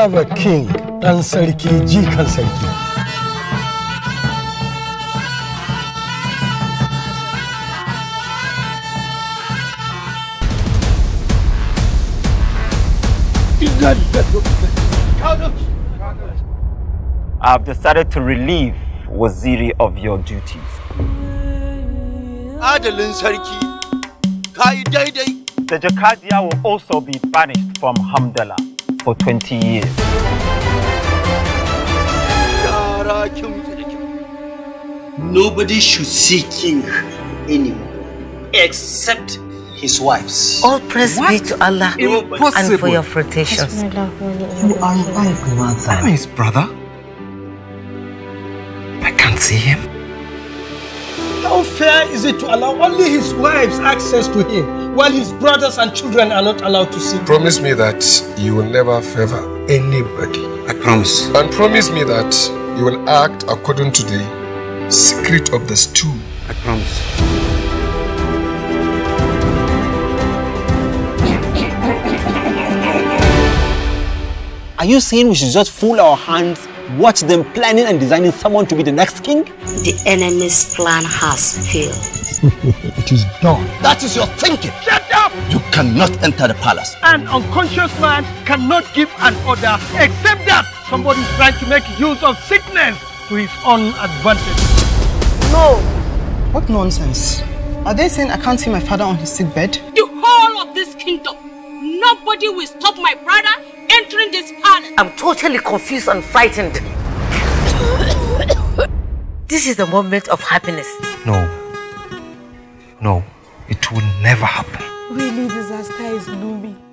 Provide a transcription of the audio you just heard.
have a king, ɗan sarki, jikan sarki. I've decided to relieve Waziri of your duties. Adalin Sarki, Kai Daidai. The Jakadiya will also be banished from Hamdala for 20 years. Nobody should see King anymore except his wives. All praise what? be to Allah Impossible. and for your protections. You are right, mother. I'm his brother. I can't see him. How fair is it to allow only his wives access to him? while his brothers and children are not allowed to see. Promise me that you will never favor anybody. I promise. And promise me that you will act according to the secret of the stew. I promise. Are you saying we should just fool our hands, watch them planning and designing someone to be the next king? The enemy's plan has failed. it is done. That is your thinking. Shut up! You cannot enter the palace. An unconscious man cannot give an order except that somebody is trying to make use of sickness to his own advantage. No! What nonsense. Are they saying I can't see my father on his sick bed? The whole of this kingdom. Nobody will stop my brother I'm totally confused and frightened. this is a moment of happiness. No. No. It will never happen. Really, disaster is looming.